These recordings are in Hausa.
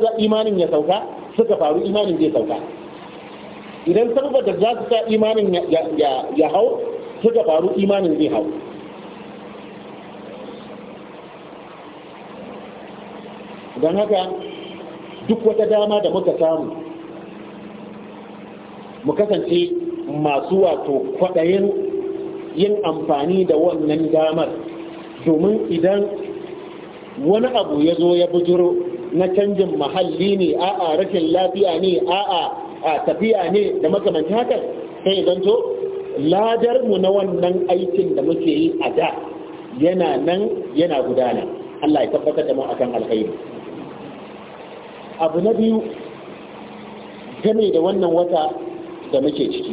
sa imanin ya sauka suka faru imanin zai sauka idan sarfa da za su sa imanin ya hau suka faru imanin zai hau don haka duk wata dama da muka samu mu kasance masu wato kwaɗayin yin amfani da wannan damar domin idan wani abu ya zo ya bujuro na canjin mahalli ne a'a rashin lafiya ne a'a a tafiya ne da makamanci haka sai zanto ladar mu na wannan aikin da muke yi a da yana nan yana gudana Allah ya tabbatar da mu akan alkhairi abu na biyu game da wannan wata da muke ciki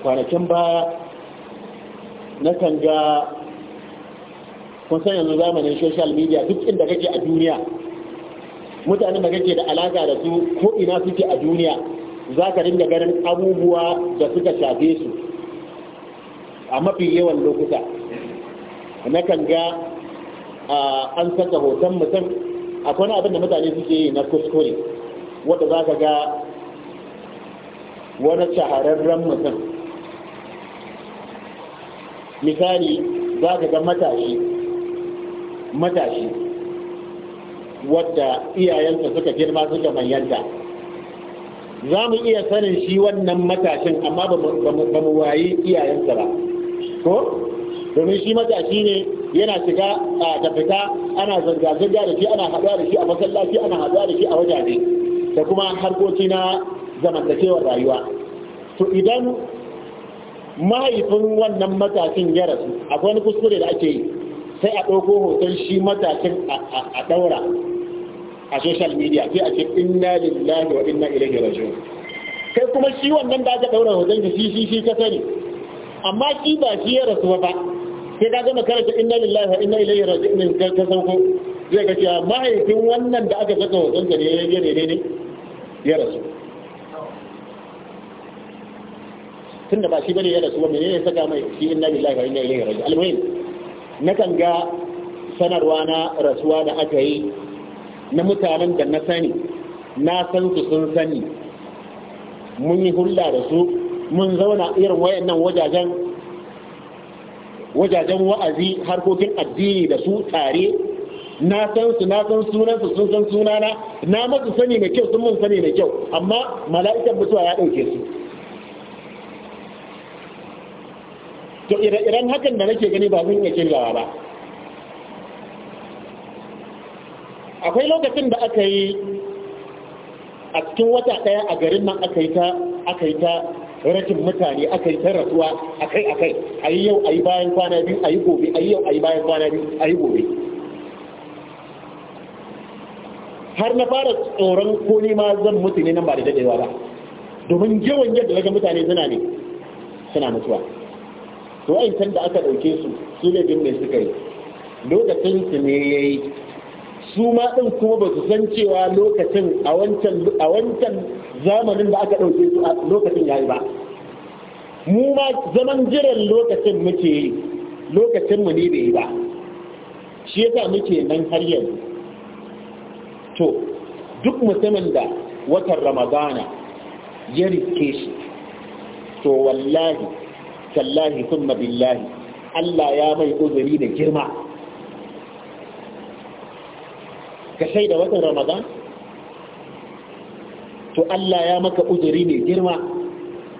kwanakin baya na kan ga kun san yanzu zamanin social media duk inda kake a duniya mutanen da kake da alaka da su ko ina suke a duniya za ka dinga ganin abubuwa da suka shafe su a mafi yawan lokuta na kan ga an saka hoton mutum akwai abin da mutane suke yi na kuskure wadda za ka ga wani shahararren mutum misali za ka ga matashi matashi wadda iyayensa suka girma suka manyanta za mu iya sanin shi wannan matashin amma ba mu waye iyayensa ba ko domin shi matashi ne yana shiga a fita ana zanga-zanga da shi ana haɗuwa da shi a masallaci ana haɗuwa da shi a wajaje da kuma harkoki na zamantakewar rayuwa to idan mahaifin wannan matakin ya rasu akwai wani kuskure da ake yi sai a ɗauko hoton shi matakin a ɗaura a social media sai a ce inna lillahi wa inna ilaihi raji'un kai kuma shi wannan da aka ɗaura hoton shi shi shi ka sani amma shi ba shi ya rasu ba sai ka gama karanta inna lillahi wa inna ilaihi raji'un ka sauko zai ka ce mahaifin wannan da aka saka hoton ne ya ne ne ya rasu tunda ba shi bane ya rasu ba menene saka mai shi inna lillahi wa inna ilaihi raji'un almuhim na kan ga sanarwa na rasuwa da aka yi na mutanen da na sani na san su sun sani mun yi hulɗa da su mun zauna irin wayannan wajajen wajajen wa'azi harkokin addini da su tare na san su na san sunan su sun san sunana na masu sani mai kyau sun mun sani mai kyau amma mala'ikan mutuwa ya ɗauke su to ire-iren hakan da nake gani ba zan iya kirgawa ba akwai lokacin da aka yi a cikin wata ɗaya a garin nan aka yi ta aka yi ta rashin mutane aka yi ta rasuwa akai akai a yi yau a yi bayan kwana biyu a yi gobe a yi yau a yi bayan kwana biyu a yi gobe har na fara tsoron ko ni ma zan mutu ne nan ba da dadewa ba domin yawan yadda daga mutane suna ne suna mutuwa to can da aka ɗauke su su ne bin mai suka yi lokacin su ne ya yi su ma ɗin kuma ba su san cewa lokacin a wancan zamanin da aka ɗauke su a lokacin ya yi ba mu ma zaman jiran lokacin muke yi lokacin mu ne bai yi ba shi yasa muke nan har yanzu to duk mutumin da watan ramadana ya rike shi to wallahi tallahi thumma billahi Allah ya mai uzuri da girma ka shaida watan ramadan to Allah ya maka uzuri mai girma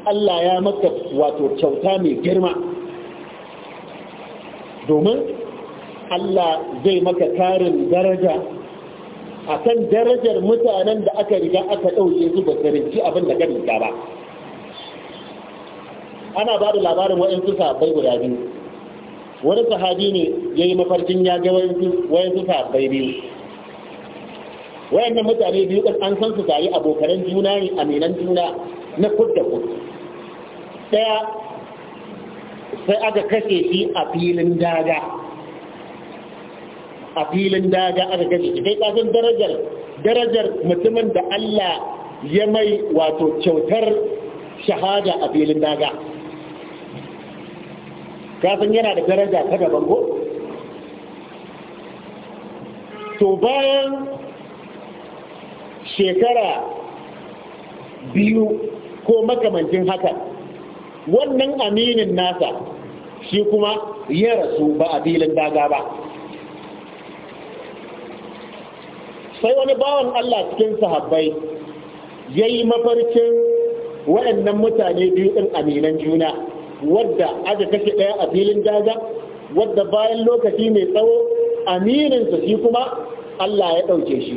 Allah ya maka wato kyauta mai girma domin Allah zai maka karin daraja a akan darajar mutanen da aka riga aka ɗauke su ba su abin da ka riga ba ana ba da labarin waɗansu sahabbai guda biyu wani sahabi ne ya yi mafarkin ya ga waɗansu sahabbai biyu Wayannan mutane biyu kan an san su tare abokanan juna ne aminan juna na kud da kud ɗaya sai aka kashe shi a filin daga a filin daga aka kashe shi kai kasan darajar darajar mutumin da Allah ya mai wato kyautar shahada a filin daga kafin yana da daraja ta daban ko to bayan shekara biyu ko makamancin haka wannan aminin nasa shi kuma ya rasu ba a filin daga ba sai wani bawan Allah cikin sahabbai ya yi mafarkin waɗannan mutane biyu ɗin aminan juna wadda aka take ɗaya a filin daga wadda bayan lokaci mai tsawo amininsa shi kuma Allah ya ɗauke shi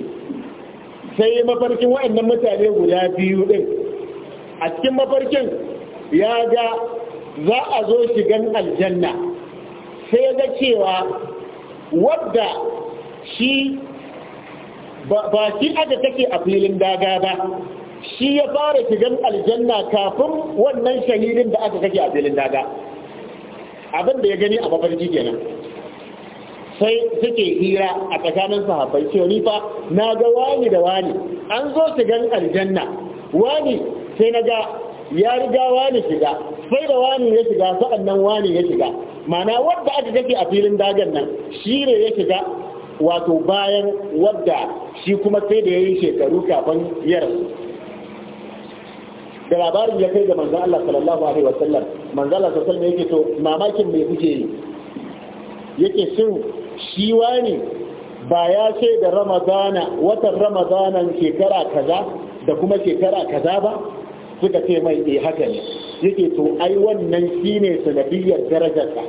sai mafarkin waɗannan mutane guda biyu ɗin a cikin mafarkin ya ga za a zo shigan aljanna sai ga cewa wadda shi ba shi aka take a filin daga ba shi ya fara shigan aljanna kafin wannan shahidin da aka kake a filin daga abin da ya gani a mafarki kenan sai suke hira a tsakanin sahabbai cewa ni fa na ga wani da wani an zo shigan aljanna wani sai na ga ya riga wani shiga sai da wani ya shiga sa'annan wani ya shiga mana wadda aka kake a filin dagan nan shi ne ya shiga wato bayan wadda shi kuma sai da ya yi shekaru kafin yarsu da labarin ya kai ga manzan Allah sallallahu alaihi wasallam manzan Allah sallallahu alaihi yake to mamakin me kuke yi yake shin shi wani ba ya ce da ramadana watan Ramadana shekara kaza da kuma shekara kaza ba suka ce mai eh haka ne yake to ai wannan shine sanadiyar ka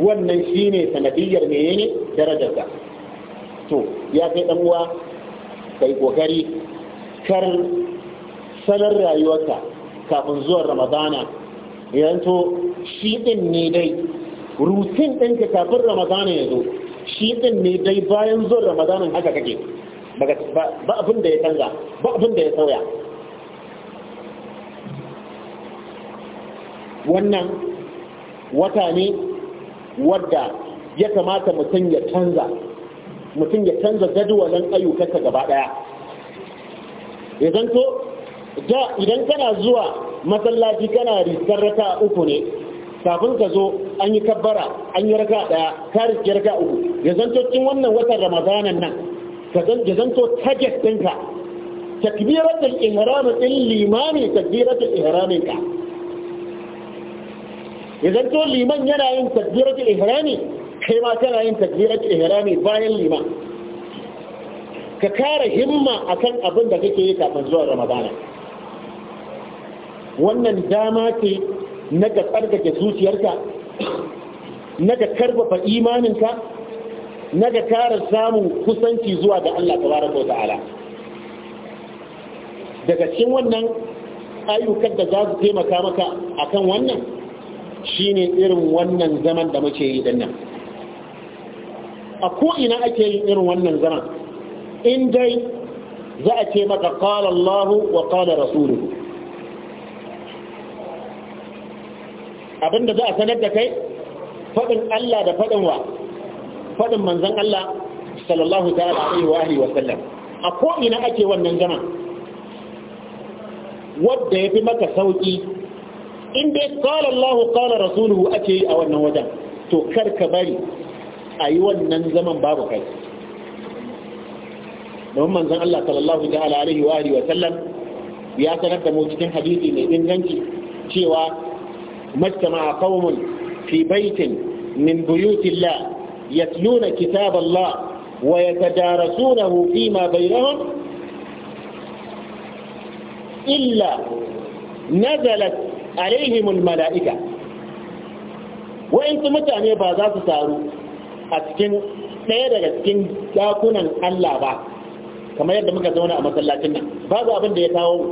wannan shine sanadiyar darajar ka to ya kai dan uwa kai kokari kar sanar rayuwarta kafin zuwan ramadana yanto shi ɗin ne dai rutin ɗinka kafin ramadana ya zo shi ɗin ne dai bayan zuwan Ramadana haka kake ba abin da ya canza ba abin da ya sauya wannan wata ne wadda ya kamata mutum ya canza mutum ya canza jadawalin ayyukansa gaba ɗaya ya zanto da idan kana zuwa masallaci kana riskar raka uku ne kafin ka zo an yi kabbara an yi raka daya ka riski raka uku ya zanto cikin wannan watan ramadanan nan ya zanto target ɗinka takbiratul ihram din limami takbiratul ihramin ka ya zanto liman yana yin takbiratul ihrami kai ma kana yin takbiratul ihrami bayan liman ka kara himma akan abin da kake yi kafin zuwa ramadana wannan dama ce na ka tsarkake zuciyarka na ka karfafa imaninka na ka kara samun kusanci zuwa ga Allah tabaraka wa ta'ala daga cikin wannan ayyukan da za su taimaka maka akan wannan shine irin wannan zaman da muke yi dinnan a ko ina ake yin irin wannan zaman in dai za a ce maka qala Allah wa qala rasuluhu abinda za a sanar da kai faɗin Allah da faɗin wa fadin manzon Allah sallallahu ta'ala alaihi wa alihi wa sallam a ko'ina ina ake wannan zaman ya fi maka sauƙi in dai qala Allah qala rasuluhu ake a wannan wajen to kar ka bari a yi wannan zaman babu kai don manzon Allah sallallahu ta'ala alaihi wa alihi wa sallam ya sanar da mu cikin hadisi mai inganci cewa majtama'a qaumun fi baitin min buyutillah yatluna kitab Allah wa yatadarasunahu fima bainahum illa nazalat alaihim almala'ika wa'in mutane ba za su taru a cikin ɗaya daga cikin dakunan Allah ba kamar yadda muka zauna a masallacin nan babu abin da ya kawo mu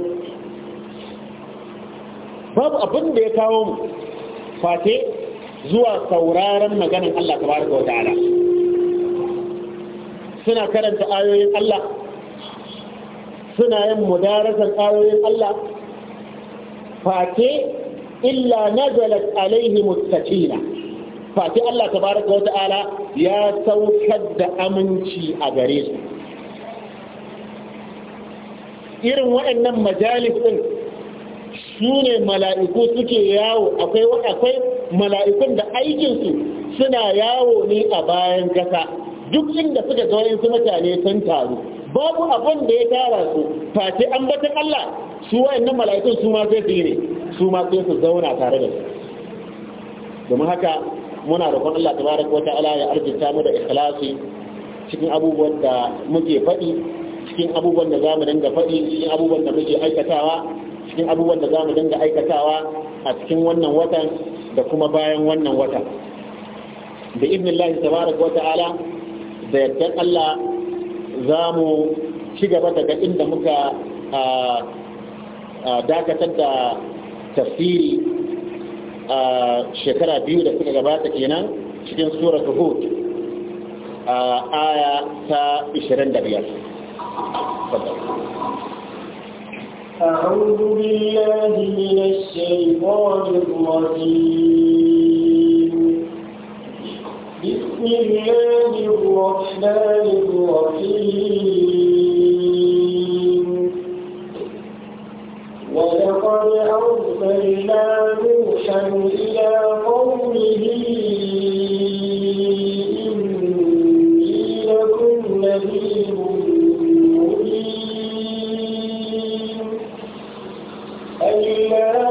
babu abin da ya kawo fate zuwa sauraron maganar Allah tabaraka wa ta'ala suna karanta ayoyin Allah suna yin mudarasar ayoyin Allah fate illa nazalat alaihim mustaqina fate Allah tabaraka ta'ala ya saukar da aminci a gare su irin waɗannan majalis ɗin su ne mala'iku suke yawo akwai mala'ikun da aikinsu suna yawo ne a bayan kasa. duk inda suka ga su mutane sun taru babu abin da ya tara su face ambatin Allah su waɗannan mala'ikun su masu ne su masu sai su zauna tare da su domin haka muna roƙon Allah tabaraka wata ala ya arzikta mu da ikhlasi cikin abubuwan da muke faɗi cikin abubuwan da za mu dinga faɗi cikin abubuwan da muke aikatawa cikin abubuwan da za mu dinga aikatawa a cikin wannan watan da kuma bayan wannan wata da ibnillahi tabarak wa ta'ala da yadda Allah za mu ci gaba daga inda muka dakatar da tafsiri a shekara biyu da suka gabata kenan cikin suratul hud aya ta 25 أعوذ بالله من الشيطان الرجيم بسم الله الرحمن الرحيم ولقد أرسلنا نوحا إلى قومه إني لكم نذير إلا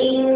وإن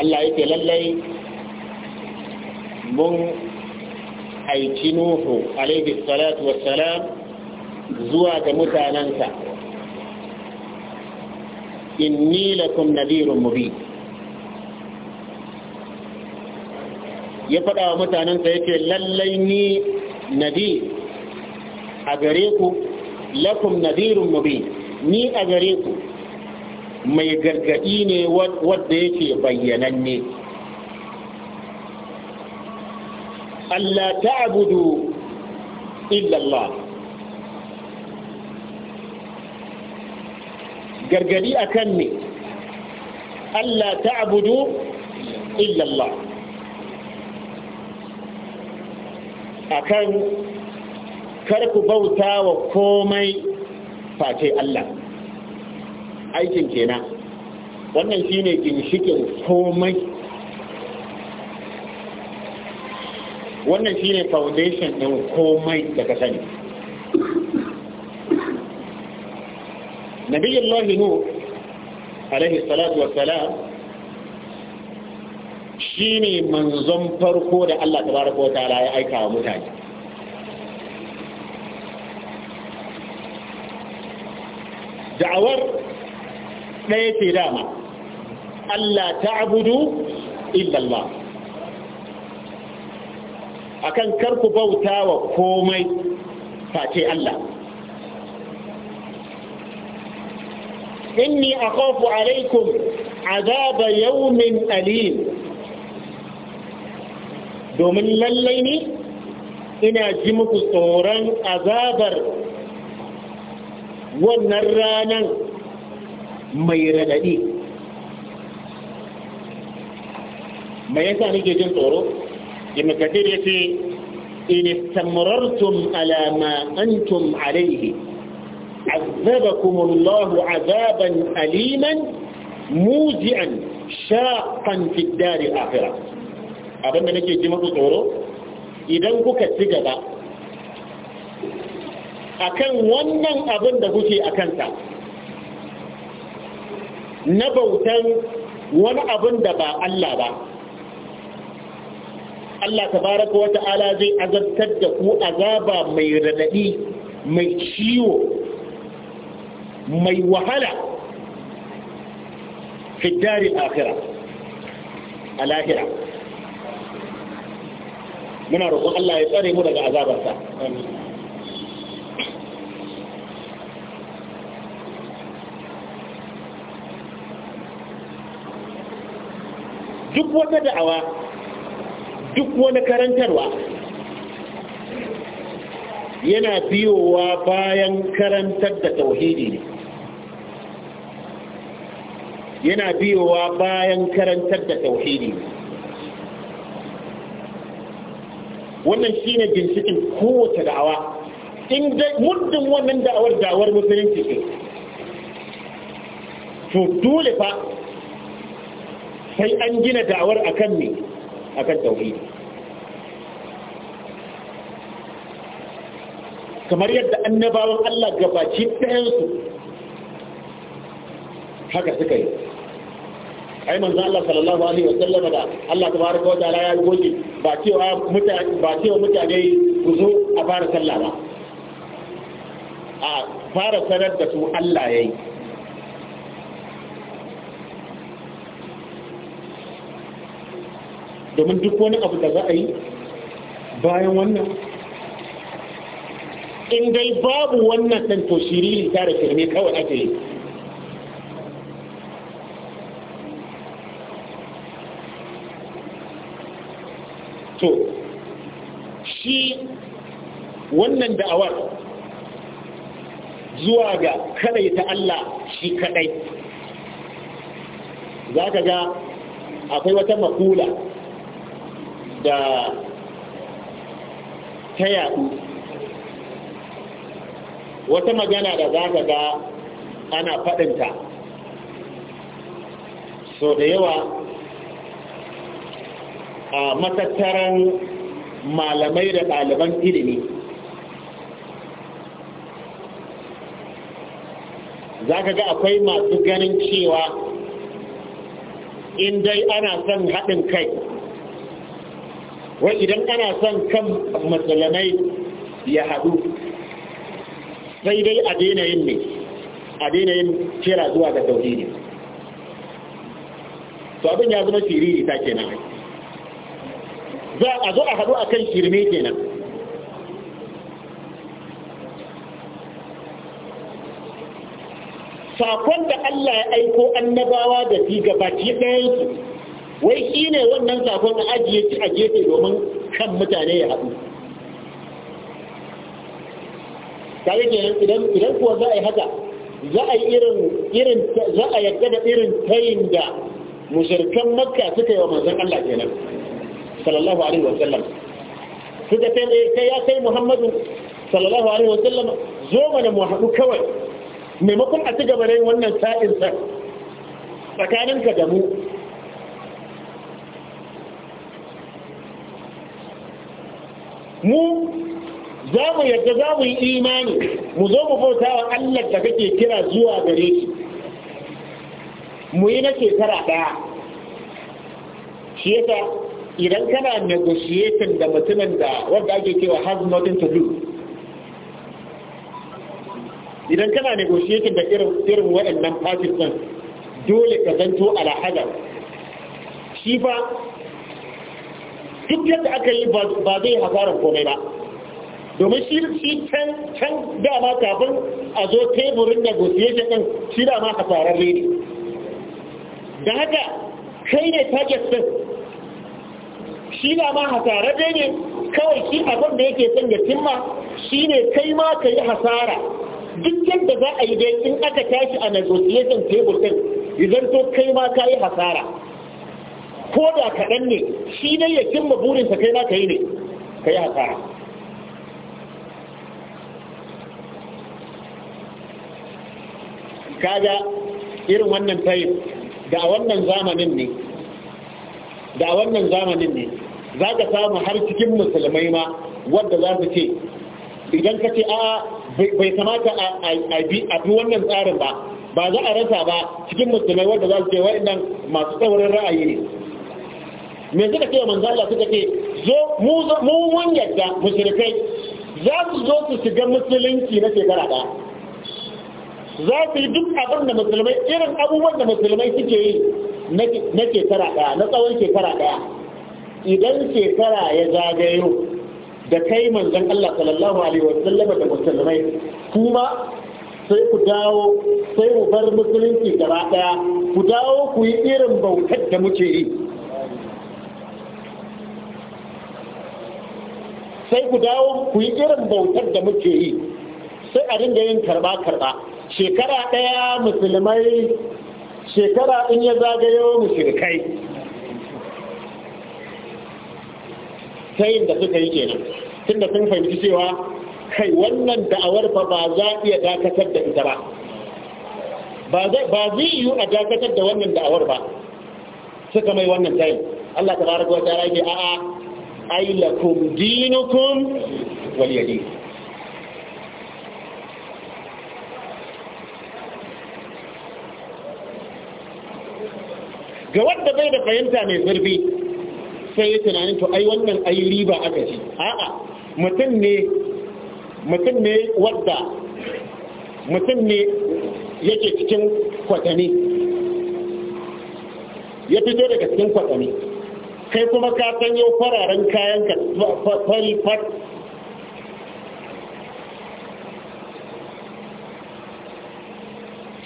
Allah yake lallai mun aiki Nuhu alaihi salatu wassalam zuwa ga mutanensa inni lakum nadhirun mubin ya faɗa wa mutanensa yake lallai ni nadir a gare ku lakum nadhirun mubin ni a gare ku mai gargadi ne wadda yake bayyananne Allah ta'budu illa Allah gargadi akan ne Allah ta'budu illa a kan kar ku bauta wa komai face Allah aikin kenan wannan shine ginshikin komai wannan shine foundation ɗin komai da ka sani nabiyullahi nuh alaihi salatu wassalam shi ne manzon farko da Allah tabaraka wata ala ya aika wa mutane da'awar ɗaya ce dama Allah ta'budu illa Allah akan karku bauta wa komai face Allah inni akhafu alaikum azaba yawmin alim domin lallai ne ina ji muku tsoron azabar wannan ranar mai radadi mai yasa nake jin tsoro ibn kathir yace in istamrartum ala ma antum alayhi عذبكم الله عذابا أليما موجعا شاقا في الدار الآخرة أبدا نكي جمع tsoro idan kuka ci gaba akan wannan abin da kuke a kansa na bautan wani abin da ba Allah ba Allah tabaraka wa ta'ala zai azabtar da ku azaba mai radadi mai ciwo mai wahala fi dari akhira a muna roƙon Allah ya tsare mu daga azabarsa amin duk wata da'awa duk wani karantarwa yana biyowa bayan karantar da tauhidi ne yana biyowa bayan karantar da tauhidi wannan shine jinsikin kowace da'awa in muddin wannan da'awar da'awar musulunci ce to dole fa sai an gina da'awar akan ne akan tauhidi kamar yadda annabawan Allah gabaci ɗayansu haka suka yi yi manzan Allah sallallahu alaihi wa da Allah fara kawo ta'ala ya goge ba cewa mutane ba mutane ku zo a fara sallah ba a fara sanar da su Allah ya yi. domin duk wani abu da za a yi bayan wannan in dai babu wannan ɗan to lita, da firme kawai ake yi to shi wannan da'awar zuwa ga kadai ta Allah shi kadai za ka ga akwai wata makula da ta yaɗu wata magana da za ga ana faɗinta so da yawa a matattaran malamai da ɗaliban ilimi za ka ga akwai masu ganin cewa in dai ana son haɗin kai wai idan ana son kan matsalamai ya haɗu sai dai a daina yin ne a daina yin kira zuwa ga ne to abin ya zama shiriri ta kenan za a zo a haɗu a kan shirme kenan sakon da Allah ya aiko annabawa da fi gabaki ɗayansu wai shi ne wannan sakon da ajiye ci a gefe domin kan mutane ya haɗu tare ke idan idan kuwa za a yi haka za a yi irin irin za a yadda da irin tayin da musulkan makka suka yi wa manzon Allah kenan sallallahu alaihi wa sallam suka ce eh, kai ya kai Muhammadu sallallahu alaihi wa sallam zo mana mu haɗu kawai maimakon a ci gaba da yin wannan sa'in sa tsakaninka da mu mu za mu yadda za mu yi imani mu zo mu bauta wa Allah da kake kira zuwa gare shi mu yi na shekara ɗaya shi yasa idan kana negotiating da mutumin da wanda ake cewa has nothing to do idan kana negotiating da irin waɗannan parties dole ka zanto alhadar shi fa duk yadda aka yi ba zai hasarar komai ba domin shi can can dama kafin a zo teburin da din shi dama hasarar ne da haka kai ne target din shi dama hasarar ne kawai shi abin da yake son ya cimma shi ne kai ma ka yi hasara duk yadda za a yi dai in aka tashi a negotiation table din idan to kai ma ka yi hasara ko da kaɗan ne shi ne ya cimma burinsa kai na ka yi ne ka yi hasara kaga irin wannan tayin da a wannan zamanin ne da a wannan zamanin ne za ka samu har cikin musulmai ma wadda za su ce idan ka ce a bai kamata a bi wannan tsarin ba ba za a rasa ba cikin musulmai wadda za su ce wa'in masu tsaurin ra'ayi ne me suka ce manzo Allah suka ce zo mu mu mun yadda mushrikai za su zo su shiga musulunci na shekara ɗaya za su yi duk abin da musulmai irin abubuwan da musulmai suke yi na shekara ɗaya na tsawon shekara ɗaya idan shekara ya zagayo da kai manzon Allah sallallahu alaihi wa da musulmai kuma sai ku dawo sai mu bar musulunci gaba ɗaya ku dawo ku yi irin bautar da muke yi sai ku dawo ku yi irin bautar da muke yi sai a dinga yin karba-karba shekara ɗaya musulmai shekara in ya zagayo mushrikai ta yin da suka yi kenan tunda sun fahimci cewa kai wannan da'awar fa ba za iya dakatar da ita ba ba zai yiwu a dakatar da wannan da'awar ba suka mai wannan tayin Allah ta baraka wa ta yake a'a ai lakum dinukum waliyadin ga wanda bai da fahimta mai zurfi sai ya tunanin to ai wannan ai riba aka ci a'a mutum ne mutum ne wadda mutum ne yake cikin kwatani ya fito daga cikin kwatani kai kuma ka san yau fararen kayan ka fari fat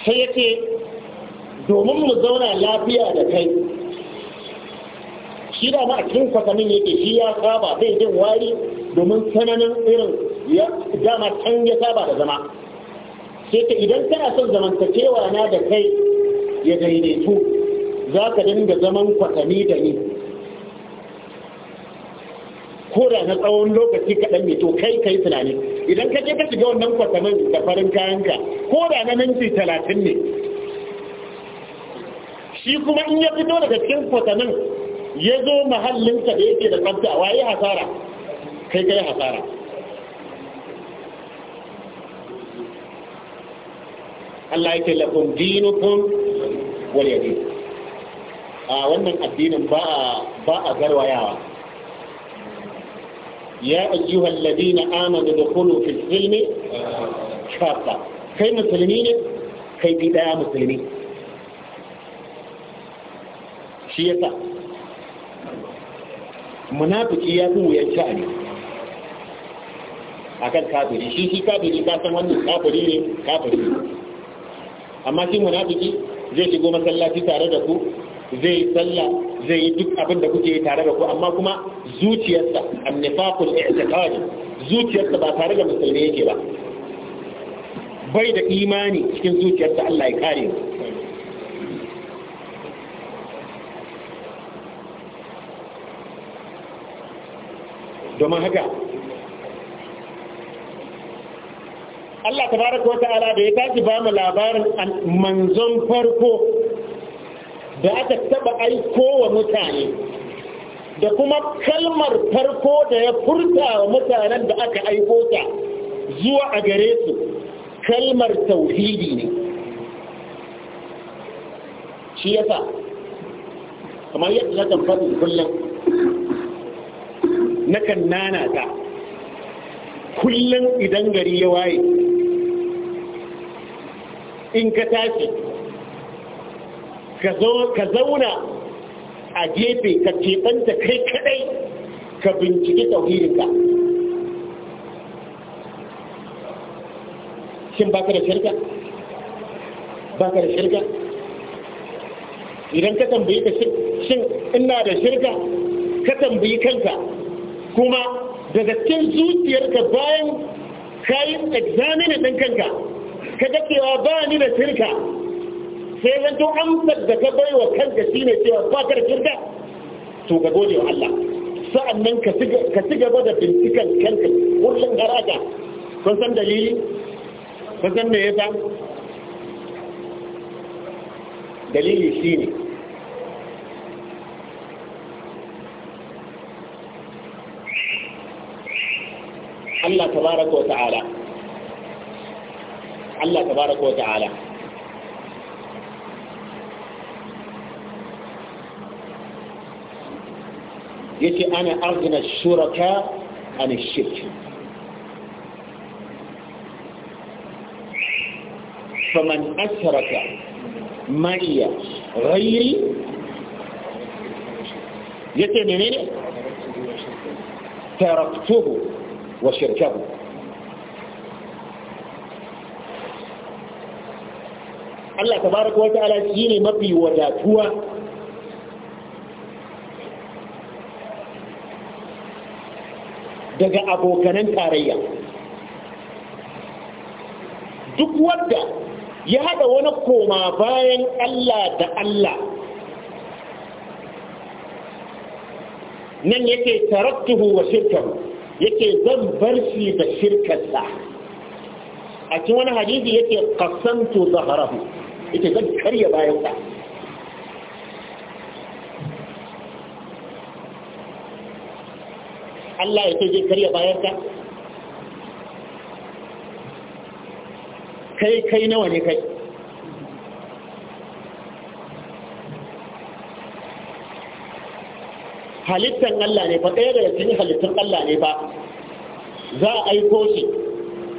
sai yake domin mu zauna lafiya da kai shi da ma a cikin kwasamin yake shi ya saba zai jin wari domin tsananin irin ya dama can ya saba da zama sai ka idan kana son zamantakewa na da kai ya daidaitu za ka dinga zaman kwatami da ni ko da na tsawon lokaci kaɗan ne to kai kai tunani idan ka je ka shiga wannan kwatamin da farin kayanka ko da na minti talatin ne shi kuma in ya fito daga cikin kwatamin ya zo mahallinka da yake da tsabta waye hasara kai kai hasara Allah yake lakum dinukun wal yadin a wannan addinin ba a garwayawa ya ayyuhal ladina Amadu da Kulu fi silmi kafa kai musulmi ne kai bi daya musulmi shi ya sa. munafiki ya fi wuyan a kan kafiri shi shi kafiri ka san wannan kafiri ne kafiri amma shi munafiki zai shigo masallaci tare da ku zai sallah zai yi duk abin da kuke yi tare da ku amma kuma zuciyarsa annifaqul i'tiqadi zuciyarsa ba tare da musulmi yake ba bai da imani cikin zuciyarsa Allah ya kare domin haka Allah tabaraka wa ta'ala da ya tashi ba mu labarin manzon farko da aka taba aiko wa mutane da kuma kalmar farko da ya furta wa mutanen da aka aiko ta zuwa a gare su kalmar tauhidi ne shi yasa kamar yadda na kan faɗi kullum na kan nana ta kullum idan gari ya waye in ka tashi ka zauna a gefe ka keɓanta kai kadai ka bincike tauhidinka shin ba ka da shirka ba ka da shirka idan ka tambayi ka shin ina da shirka ka tambayi kanka kuma daga cikin zuciyarka bayan kayan examine ɗin kanka ka ga cewa ba ni da shirka sai zan to amsar da ka bai wa kanka ne cewa ba ka da kirka to ka gode wa Allah sa'annan ka ci gaba da bincikan kanka kullum haraka kun san dalili kun san me yasa dalili shi ne. Allah tabaraka wa ta'ala Allah tabaraka wa ta'ala yace ana arzina shuraka an shirk faman asharaka ma'iya ghairi yace menene taraktuhu wa shirkahu Allah tabaraka wa ta'ala shine mafi wadatuwa daga abokanan tarayya duk wadda ya haɗa wani koma bayan Allah da Allah nan yake tarattuhu wa shirkahu yake zan bar shi da shirkarsa a cikin wani hadisi yake qasamtu zahrahu yake zan karya bayansa Allah ya ce zai karya bayanka kai kai nawa ne kai halittan Allah ne fa ɗaya daga cikin halittun Allah ne ba za a aiko shi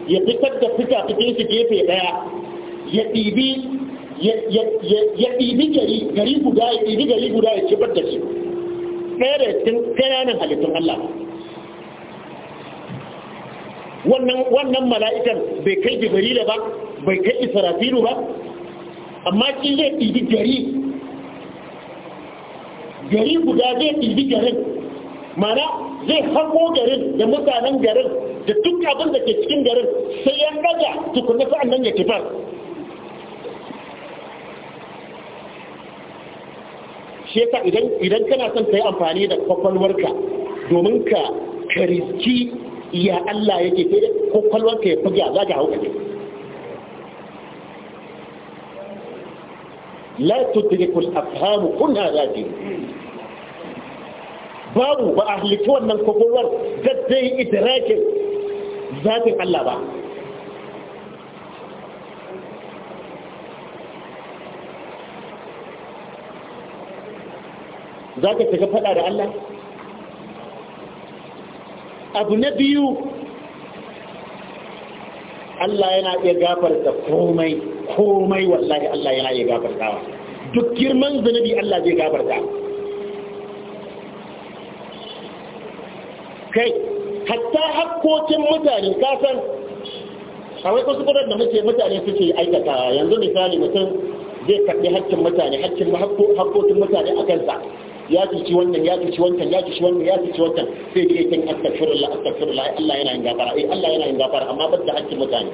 ya fitar da fita cikin shi gefe ɗaya ya ɗibi gari guda ya ɗibi gari guda ya cibar da shi ɗaya daga cikin ƙananan halittun Allah ne wannan mala'ikan bai kai da ba bai kai isarafiru ba amma shi zai ɗibi gari gari guda zai ɗibi garin mana zai hako garin da mutanen garin da duk abin da ke cikin garin sai ya ɗaga tukuna sa'an nan ya kifar shi yasa idan kana son yi amfani da kwakwalwarka domin ka kariski iya Allah yake ko da kwakwalwarka ya fi za ka hau kaje la tudrikul afhamu kunha ke? babu ba a halittu wannan kwakwalwar gaddai idrakin zafin Allah ba za ka shiga fada da Allah abu na biyu Allah yana iya gafarta komai komai wallahi Allah yana iya gafartawa duk girman zunubi Allah zai gafarta kai hatta hakkokin mutane kasan akwai wasu kudin da muke mutane suke aikata yanzu misali mutum zai karɓi hakkin mutane hakkin hakkokin mutane a kansa ya cuci wannan ya cuci wancan ya cuci wannan ya cuci wancan sai dai yake astaghfirullah astaghfirullah Allah yana yin gafara eh Allah yana yin gafara amma ba da hakkin mutane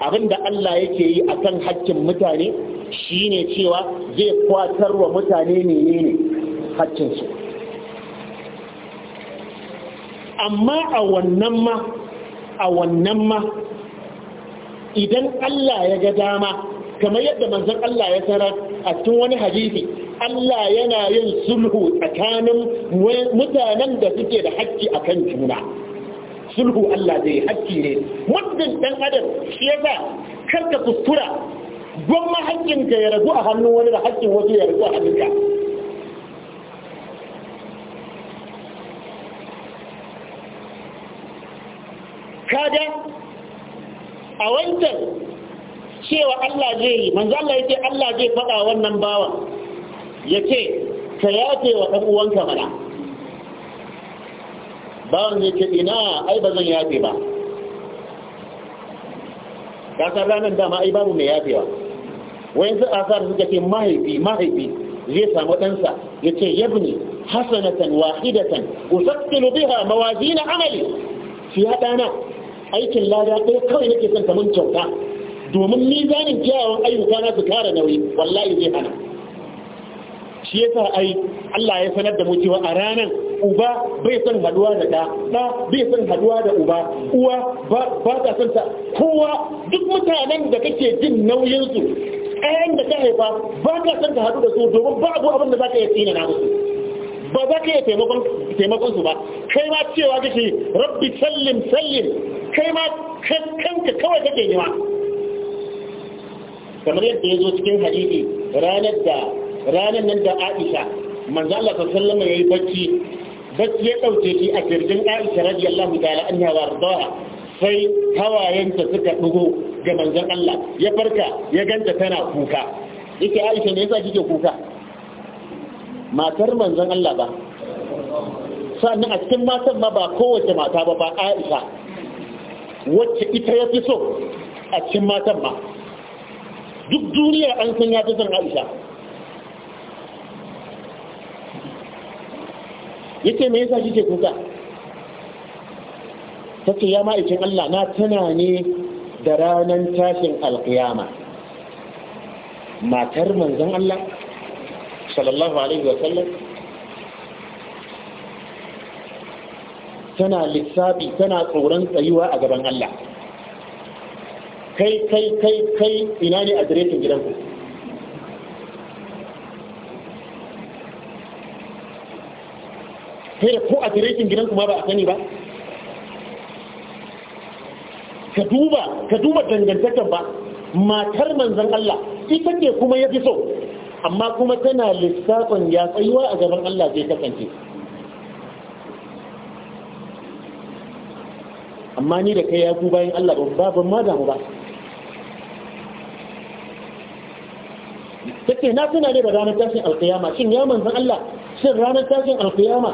abinda Allah yake yi akan hakkin mutane shine cewa zai kwatar wa mutane menene hakkin su amma a wannan ma a wannan ma idan Allah ya ga dama kamar yadda manzon Allah ya sanar a cikin wani hadisi Allah yana yin sulhu tsakanin mutanen da suke da hakki kan juna sulhu Allah zai hakki ne muddin dan adam shi yasa karka kuskura gwamma hakkinka ya ragu a hannun wani da hakkin wasu ya ragu a hannunka kaga a wancan cewa Allah zai yi manzo Allah yace Allah zai faɗa wannan bawa yace ka yafe wa ɗan uwanka mana bawan zai ce ina ai ba zan yafe ba kasar ranar dama ai babu mai yafewa wayan su asar suka ce mahaifi mahaifi zai samu ɗansa ya ce yabni hasanatan wahidatan usattilu biha mawazina amali shi ya ɗana aikin lada ɗaya kawai nake son kamun kyauta domin nizanin kyawun ayyuka na su kara nauyi wallahi zai hana shi ya sa ai Allah ya sanar da mu cewa a ranar uba bai son haduwa da ɗa ɗa bai son haduwa da uba uwa ba ta son ta kowa duk mutanen da kake jin nauyinsu ayan da ka haifa ba ka son ka haɗu da su domin ba abu abin da za ka iya tsina na musu ba za ka iya taimakon su ba kai ma cewa kashi rabbi sallim sallim kai ma kanka kawai kake yi ma. kamar yadda ya zo cikin hadisi ranar da ranar nan da Aisha manzo Allah sallallahu alaihi wasallam bacci bacci ya dauke shi a kirjin Aisha radiyallahu ta'ala anha wardaha sai hawayenta suka dugo ga manzon Allah ya farka ya ganta tana kuka yake Aisha ne yasa kike kuka matar manzon Allah ba sannan a cikin matan ma ba kowace mata ba ba Aisha wacce ita ya fi so a cikin matan ma duk duniya an san ya fi son aisha yake ma yasa ke kuka tace ya ma'aikin Allah na tana ne da ranar tashin alkiyama matar manzan Allah sallallahu alaihi wa sallam tana lissafi tana tsoron tsayuwa a gaban Allah kai kai kai kai ina ne a gidan gidanku sai da ko gidan gidanku ma ba a sani ba ka duba ka duba dangantakar ba matar manzan Allah ita ke kuma ya fi so amma kuma tana lissafin ya tsayuwa a gaban Allah zai kasance amma ni da kai ya ku bayan Allah ba ban ma damu ba take na tuna ne da ranar tashin alkiyama shin ya manzan Allah shin ranar tashin alkiyama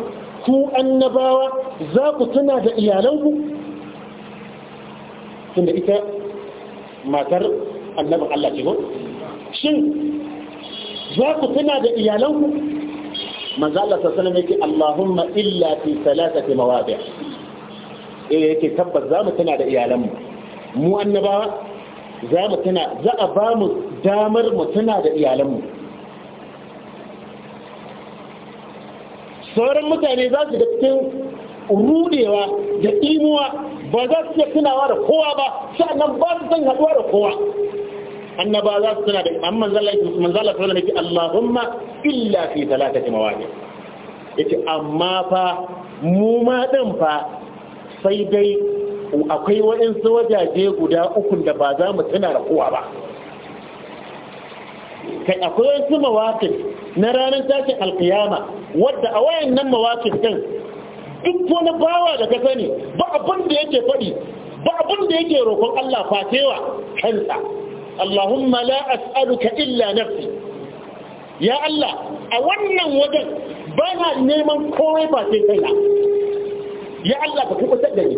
ku annabawa za ku tuna da iyalanku tunda ita matar annabin Allah ce ko shin za ku tuna da iyalanku manzo Allah sallallahu alaihi wasallam yake Allahumma illa fi thalathati mawadi' eh yake tabbas za mu tuna da iyalanmu mu annabawa za mu tana za a ba mu damar mu tana da iyalanmu sauran mutane za su da cikin rudewa da imuwa ba za su yi tunawa da kowa ba sa'annan ba su san haɗuwa da kowa annaba za su tana da amman manzala sallallahu alaihi wasallam Allahumma illa fi salatati mawaqi yace amma fa mu ma din fa sai dai akwai waɗansu wajaje guda ukun da ba za mu tuna rakuwa ba kai akwai wasu mawakin na ranar tashin alkiyama wadda a wayan nan mawakin din duk wani bawa da ka sani ba abin da yake faɗi ba abin da yake roƙon Allah fatewa kansa Allahumma la as'aluka illa nafsi ya Allah a wannan wajen ba na neman komai ba sai kaina ya Allah ka kuɓutar da ni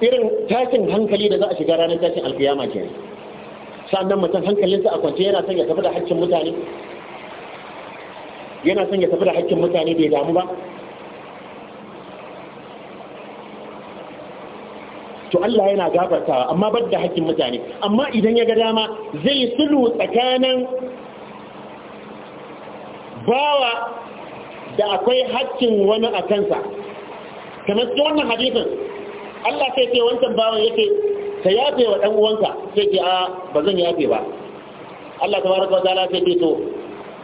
irin tashin hankali da za a shiga ranar tashin alkiyama ke sannan mutum hankalinsa a kwance yana son ya tafi da haƙƙin mutane yana son ya tafi da haƙƙin mutane bai damu ba to Allah yana gabatawa amma bar da haƙƙin mutane amma idan ya ga dama zai sulu tsakanin bawa da akwai haƙƙin wani a kansa kamar cikin wannan hadisin Allah sai ce wancan bawan yake ka yafe wa dan uwanka sai ce a ba zan yafe ba Allah tabaraka wa ta'ala sai ce to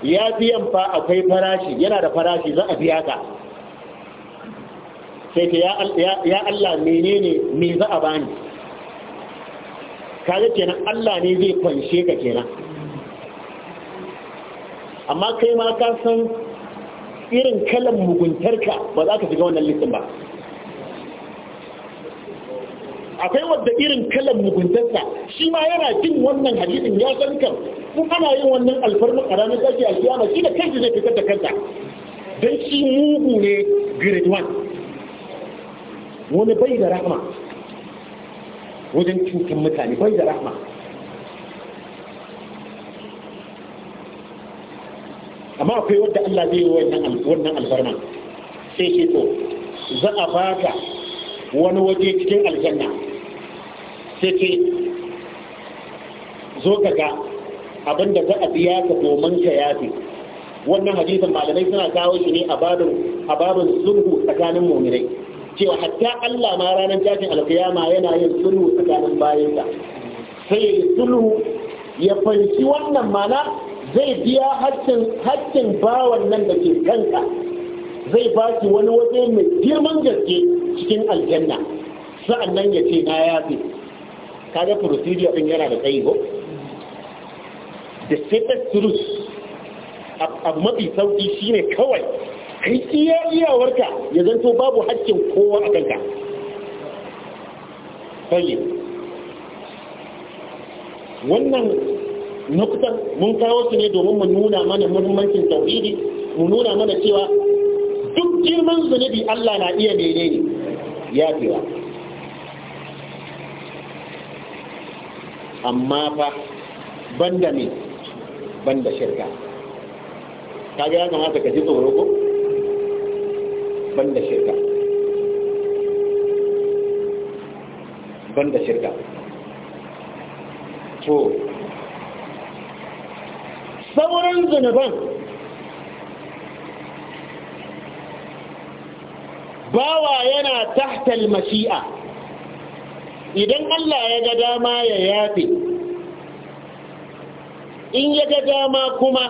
ya biyan fa akwai farashi yana da farashi za a biya ka sai ce ya Allah menene me za a bani kaga kenan Allah ne zai kwanshe ka kenan amma kai ma ka san irin kalan muguntarka ba za ka shiga wannan listin ba akwai wadda irin kalan muguntarsa shi ma yana jin wannan hadisin ya san kan ko ana yin wannan alfarmu a ranar tashi a kiyama shi da kanta zai fitar da kanta. dan shi mugu ne grade 1 wani bai da rahama wajen cutar mutane bai da rahama amma akwai wadda Allah zai yi wannan alfarma sai shi to za a baka wani waje cikin aljanna sai ce zo ka ga abin da za a biya ka domin ka yafe wannan hadisin malamai suna kawo shi ne a babin sulhu tsakanin mu'minai cewa hatta Allah ma ranar tashin alkiyama yana yin sulhu tsakanin bayansa sai ya sulhu ya fanci wannan mana zai biya haccin bawan nan da ke kanka zai ba shi wani waje mai girman gaske cikin aljanna nan ya ce na yafe kaga procedure din yana da tsayi ko the safest truth abu mafi sauki shine kawai kai iya iyawarka ya zanto babu haƙƙin kowa a kanka sai wannan nukutan mun kawo su ne domin mu nuna mana muhimmancin tauhidi mu nuna mana cewa duk girman zunubi Allah na iya menene ya fiwa amma fa banda me banda shirka ga ya kamata ka ji tsoro ko banda shirka banda shirka to sauran zunuban bawa yana tahtal mashi'a idan Allah ya ga dama ya yafe in ya ga dama kuma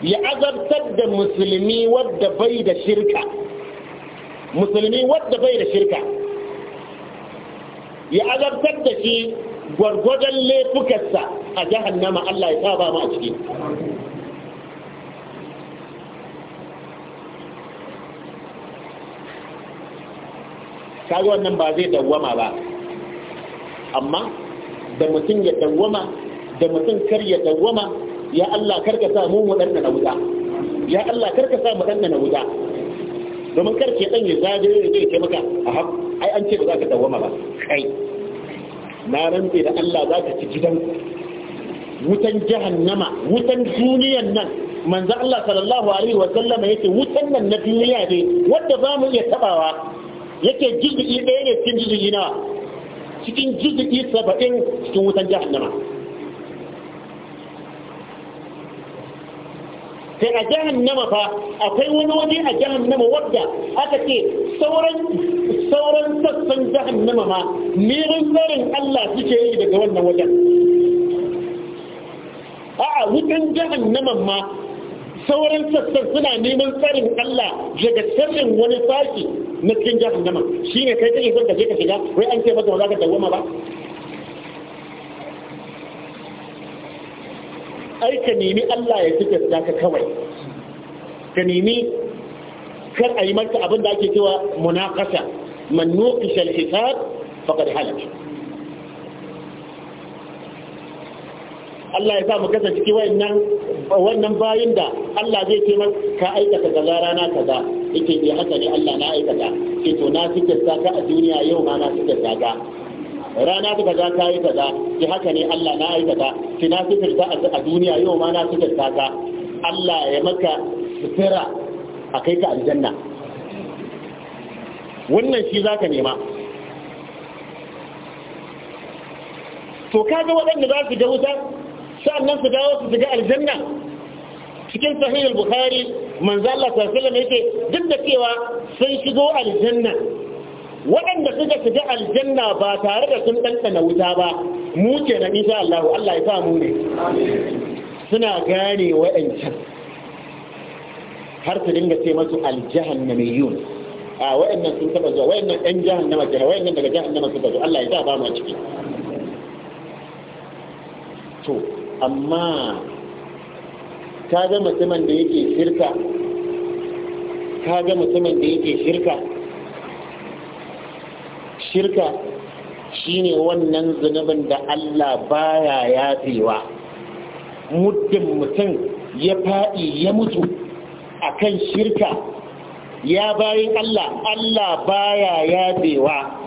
ya azabtar da musulmi wadda bai da shirka musulmi wadda bai da shirka ya azabtar da shi gwargwadon laifukarsa a nama, Allah ya saba mu a ciki kaga wannan ba zai dawwama ba amma da mutum ya dawwama da mutum kar ya dawwama ya Allah karka sa mu mu danna wuta ya Allah karka sa mu danna wuta domin kar ke dan ya ne ya ce maka aha ai an ce ba za ka dawwama ba kai na rantse da Allah za ka ci gidan wutan jahannama wutan duniyan nan manzo Allah sallallahu alaihi wa sallama yake wutan nan na duniya ne wanda ba mu iya tabawa yake juz'i ɗaya ne cikin juz'i nawa cikin juz'i saba'in cikin wutan jahannama sai a jahannama fa akwai wani waje a jahannama wadda aka ce sauran sauran sassan jahannama ma neman tsarin Allah suke yi daga wannan wajen a'a wutan jahannaman ma sauran sassan suna neman tsarin Allah daga sassan wani saki na cikin jahannama shine kai kake son ka je ka shiga wai an ce maka ba za ka dawoma ba ai ka nemi Allah ya fi gaskiya ka kawai ka nemi kar a yi maka abin da ake cewa munakasa man nuqisha al-hisab faqad halaka Allah ya sa mu kasa ciki wayannan wannan bayin da Allah zai ce maka ka aikata kaza rana kaza yake bi haka ne Allah na aikata ce to na fitar saka a duniya yau ma na fitar saka rana ta kaza ta yi kaza ki haka ne Allah na aikata ki na fitar ta a duniya yau ma na fitar saka Allah ya maka sutura a kai ka aljanna wannan shi zaka nema to kaga waɗanda za su ga wuta sa'annan su dawo su shiga aljanna cikin sahih al-bukhari manzo Allah sallallahu alaihi yake duk da cewa sun shigo aljanna waɗanda suka shiga aljanna ba tare da sun ɗanɗana wuta ba mu ke na insha Allah Allah ya sa mu ne suna gane waɗancan har su dinga ce masu aljahannamiyun a waɗannan sun taba zuwa waɗannan ɗan jahannama kenan waɗannan daga jahannama suka zo Allah ya sa ba mu a ciki to amma ka ga mutumin da yake shirka ka ga mutumin da yake shirka shirka shine wannan zunubin da Allah baya yafewa muddin mutum ya faɗi ya mutu akan shirka ya bayin Allah Allah baya yafewa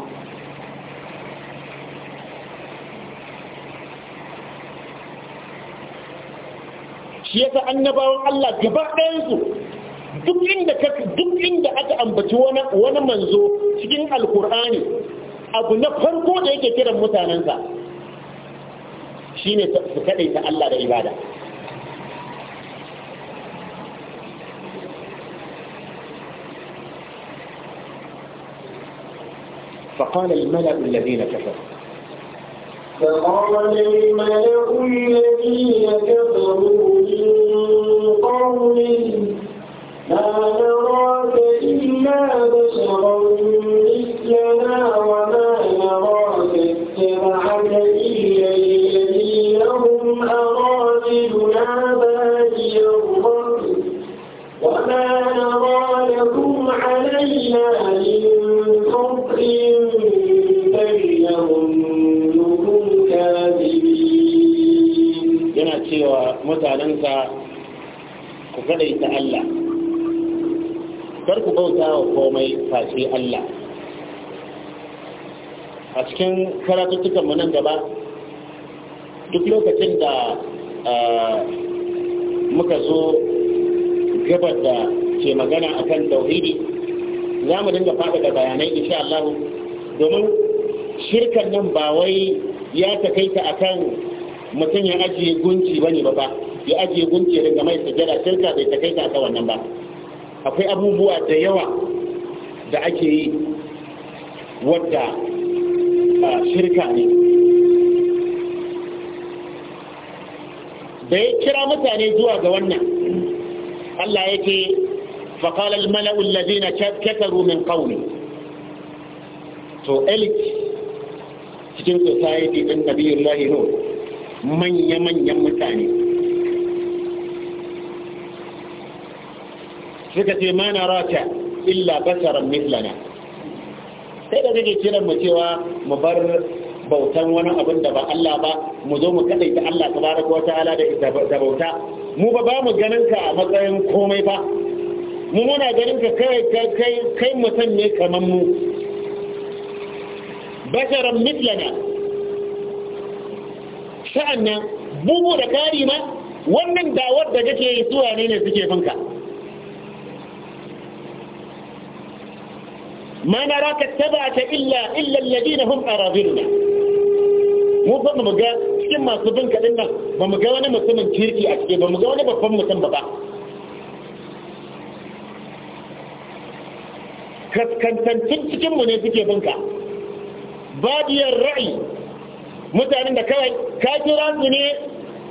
shi yasa annabawan Allah gaba ɗayansu duk inda ka duk inda aka ambaci wani wani manzo cikin alkur'ani abu na farko da yake kiran mutanensa shine su kadaita Allah da ibada فقال الملأ الذين كفروا فقال الملأ الذين كفروا من قومه ما نراك إلا بشرا مثلنا وما نراك اتبعك bauta ku kaɗai ta Allah kar ku bauta wa komai face Allah a cikin karatuttukan mu nan gaba duk lokacin da muka zo gabar da ke magana akan tauhidi za mu dinga da bayanai insha Allah domin shirkan nan ba wai ya takaita akan mutum ya ajiye gunci bane ba ba ya ajiye gunki daga mai sujada shirka bai ta kai ta wannan ba akwai abubuwa da yawa da ake yi wadda shirka ne da ya kira mutane zuwa ga wannan Allah ya ce faƙalar mala'ul lazina kekaru min ƙauni to elite cikin society ɗin nabiyun lahiro manya-manyan mutane Ka ce ma na raka illa basaran mislana sai da zai kiran mu cewa mu bar bautan wani abin da ba Allah ba mu zo mu kadai ta Allah tabaraka wa ta'ala da da bauta mu ba ba mu ganin ka a matsayin komai ba mu muna ganin ka kai kai kai mutum ne kaman mu Basaran mislana sha'annan bugu da kari ma wannan dawar da kake yi suwa ne ne suke finka ma na raka tabata illa illa alladina hum aradilna mu ba mu ga cikin masu bin kadin nan ba mu ga wani mutumin kirki a cike ba mu ga wani babban mutum ba kaskantancin cikinmu ne suke binka badiyar ra'ayi mutanen da kawai ka kira su ne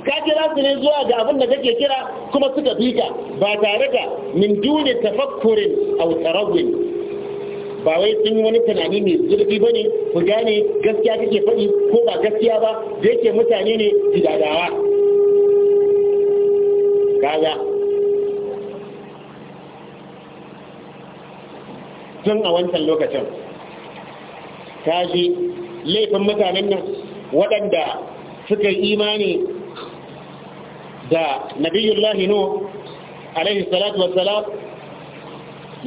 ka kira su ne zuwa ga abin da kake kira kuma suka bi ka ba tare da min duni tafakkurin Autarawin. ba wai sun yi wani tunani mai zurfi ba ne ku gane gaskiya kake faɗi ko ba gaskiya ba da yake mutane ne jidadawa kaga tun a wancan lokacin kaji laifin mutanen nan waɗanda suka yi imani da nabiyullahi no alaihi salatu wasalam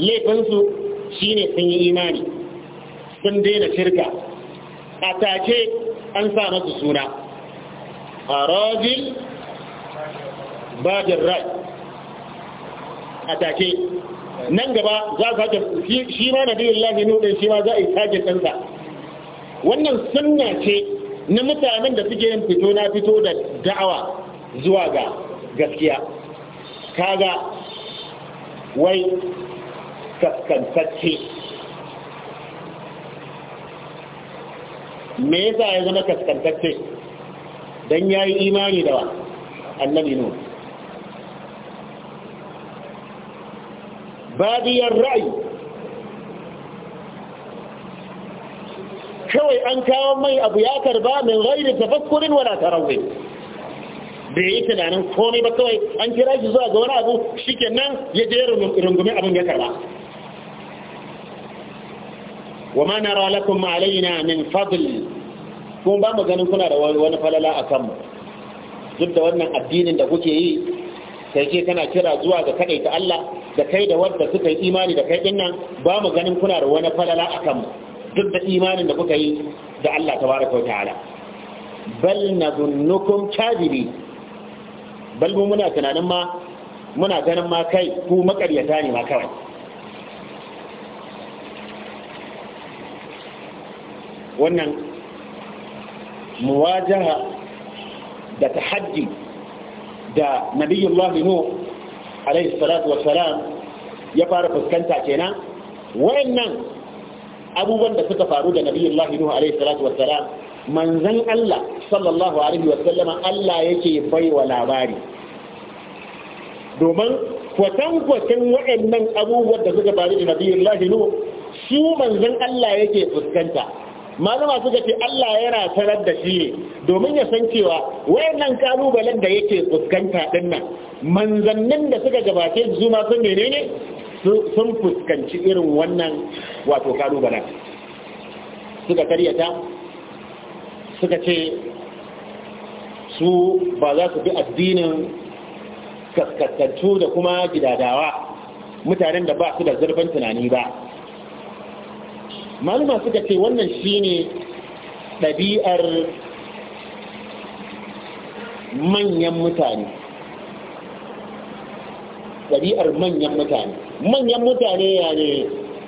laifinsu Shi ne sun yi imani sun daina shirka a take an sa masu suna a rajin bajin rai a take nan gaba za a sake shi ma na biyu lafi nuɗin shi ma za a yi sake ɗansa wannan suna ce na mutanen da suke yin fito na fito da da'awa zuwa ga gaskiya kaga wai kaskantacce me yasa ya zama kaskantacce don ya yi imani da wa annabi nuhu ra'ayi kawai an kawo mai abu ya karba min rairi tafakkurin wala tarawih da ya yi tunanin komai ba kawai an kira shi zuwa ga wani abu shi nan ya je rungumin abin ya karba wa ma nara lakum alaina min fadl kun ba mu ganin kuna da wani falala a kanmu duk da wannan addinin da kuke yi sai ke kana kira zuwa ga kaɗai ta Allah da kai da wanda suka yi imani da kai dinnan ba mu ganin kuna da wani falala a kanmu duk da imanin da kuka yi da Allah tabaraka wa ta'ala bal nadhunnukum kadhibi bal mu muna tunanin ma muna ganin ma kai ku makaryata ne ma kawai wannan muwajaha da tahaddi da nabiyullah nuh alaihi salatu wassalam ya fara fuskanta kenan wayannan abubuwan da suka faru da nabiyullah nuh alaihi salatu wassalam manzon Allah sallallahu alaihi wasallama Allah yake baiwa labari domin kwatan-kwatan waɗannan abubuwan da suka faru da nabiyullahi nu su manzon Allah yake fuskanta malama suka ce Allah yana sanar da shi domin ya san cewa wayannan kalubalen da yake fuskanta din nan manzannin da suka gabace su ma sun menene sun fuskanci irin wannan wato kalubalen suka karyata suka ce su ba za su bi addinin kaskantattu da kuma gidadawa mutanen da ba su da zurfin tunani ba maluma suka ce wannan shine ɗabi'ar manyan mutane ɗabi'ar manyan mutane manyan mutane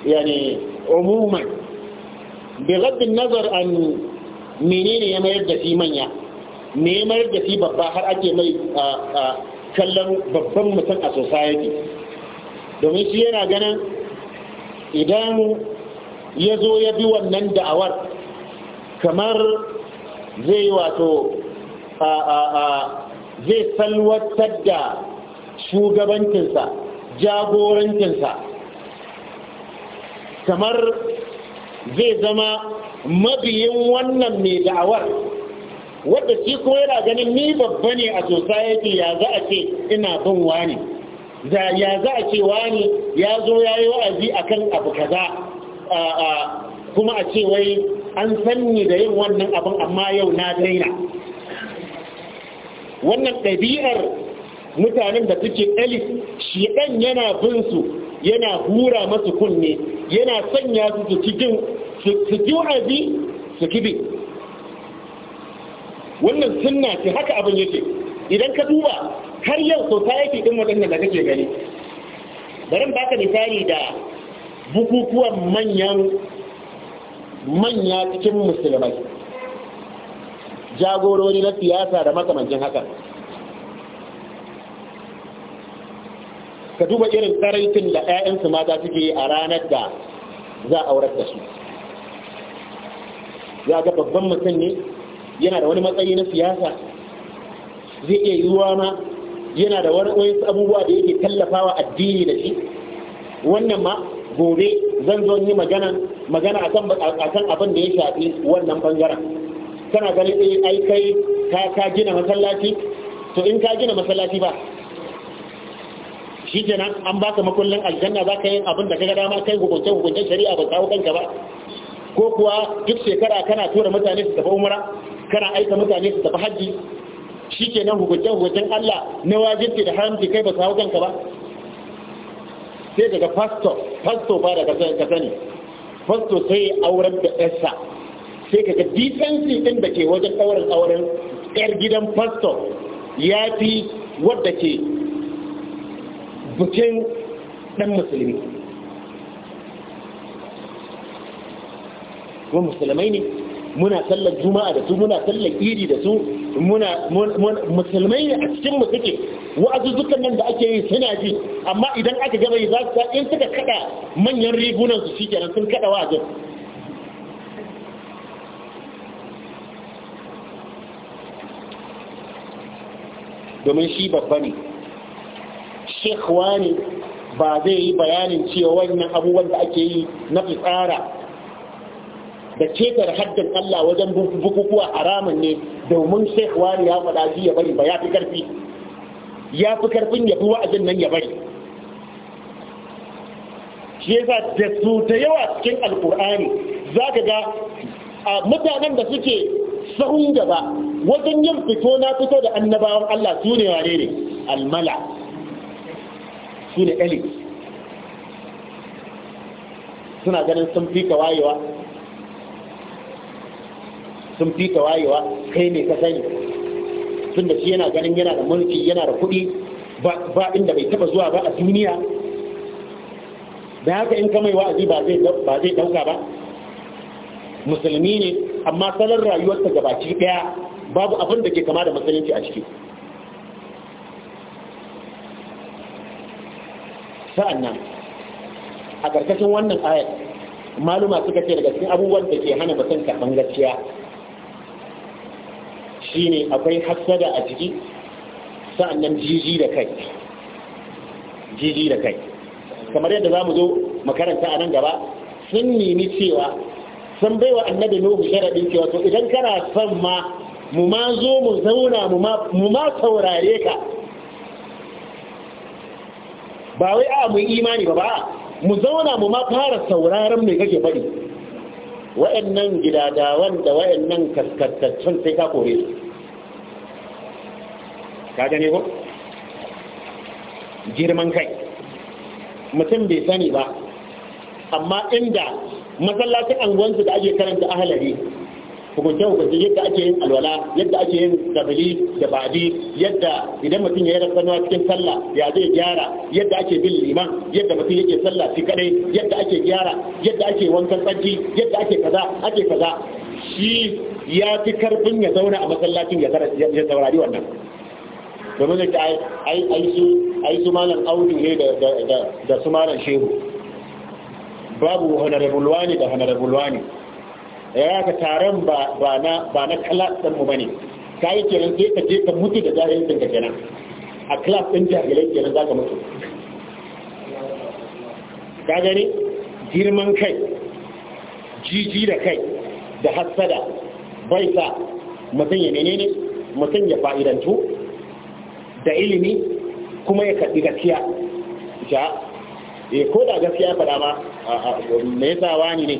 ne umuman bi raddin nazar an menene ya mayar da shi manya me ya mayar da shi babba har ake mai kallon babban mutum a society domin shi yana ganin idan ya zo ya bi wannan da'awar kamar zai wato zai salwatar da shugabancinsa jagorancinsa kamar zai zama mabiyin wannan mai da'awar wadda shi ko yana ganin ni babba ne a society ya za a ce ina bin wani ya za a ce wani ya zo ya yi wa'azi a kan abu kaza kuma a ce wai an sanni da yin wannan abin amma yau na daina wannan ɗabi'ar mutanen da suke ɗalif shi ɗan yana bin su yana hura masu kunne yana sanya su su cikin su wa'azi su kibi wannan sunna ce haka abin yake idan ka duba har yau yake ɗin waɗannan da kake gani bari baka misali da bukukuwan manyan manya cikin musulmai jagorori na siyasa da makamancin haka ka duba irin tsaraitin da 'ya'yansu mata suke a ranar da za a aurar da su ya ga babban mutum ne yana da wani matsayi na siyasa zai iya yiwuwa ma yana da wani abubuwa da yake tallafawa addini da shi wannan ma gobe zan zo yi magana magana akan akan abin da ya shafi wannan bangaren kana ganin eh ai kai ka ka gina masallaci to in ka gina masallaci ba shikenan an baka makullin aljanna za ka yi abin da kaga dama kai hukunce hukunce shari'a ba kawo kanka ba ko kuwa duk shekara kana tura mutane su tafi umra kana aika mutane su tafi hajji shikenan hukunce hukuncen Allah na wajibci da haramci kai ba kawo kanka ba sai daga pastor fasto ba da ka sani fasto sai auren da ɗansa sai ka ga decency ɗin da ke wajen ɗaurin auren ƴar gidan fasto ya fi wadda ke bukin ɗan musulmi kuma musulmai ne muna sallar juma'a da su muna sallar iri da su muna musulmai ne a cikin mu suke wa'azuzzukan nan da ake yi suna ji amma idan aka gaba yi za su in suka kada manyan rigunan su shi kenan sun kada wa'azin domin shi babba ne Sheikh Wani ba zai yi bayanin cewa wannan abubuwan da ake yi na fitsara da ketar haddin Allah wajen bukukuwa haramun ne domin Sheikh Wani ya faɗa ya bari ba ya fi ƙarfi ya fi karfin ya fi wa'azin nan ya bari shi yasa da su ta yawa cikin alkur'ani za ka ga mutanen da suke sahun gaba wajen yin fito na fito da annabawan Allah su ne wane ne almala su ne elit suna ganin sun fi ka wayewa sun fi ka wayewa kai ne ka sani tun da shi yana ganin yana da mulki yana da kuɗi ba inda bai taba zuwa ba a duniya da haka in ka mai wa'azi ba zai ɗauka ba musulmi ne amma salon rayuwarsa gabaci daya babu abin da ke kama da musulunci a ciki Sa'an nan a ƙarƙashin wannan ayat maluma suka ce daga cikin abubuwan da ke hana mutum karɓar gaskiya shine akwai hassada a jiki sa'annan jiji da kai jiji da kai kamar yadda za mu zo makaranta a nan gaba sun nemi cewa sun baiwa annabi nuhu sharaɗin cewa to idan kana son ma mu ma zo mu zauna mu ma saurare ka ba wai a mu imani ba ba mu zauna mu ma fara sauraron mai kake faɗi wa'annan gidadawan da wa'annan kaskatattun sai ka kore su ka gane ko girman kai mutum bai sani ba amma inda masallacin anguwansu da ake karanta ahalari hukunce hukunce yadda ake yin alwala yadda ake yin dabali da badi yadda idan mutum ya yi rasanuwa cikin sallah ya zai gyara yadda ake bin liman yadda mutum yake sallah shi kadai yadda ake gyara yadda ake wankan tsarki yadda ake kaza ake kaza shi ya fi karfin ya zauna a masallacin ya saurari wannan domin da ai ai su ai su malam audu ne da da da su shehu babu honorable wani da honorable wani ya ka taron ba ba na ba na class din mu bane kai kenan sai ka je ka mutu da jahilcin ka kenan a class din jahilai kenan ka mutu ka gani girman kai jiji da kai da hassada bai sa mutum ya menene mutum ya fa'idantu da ilimi kuma ya kaɗi gaskiya ja e ko da gaskiya ya faɗa ba me yasa wani ne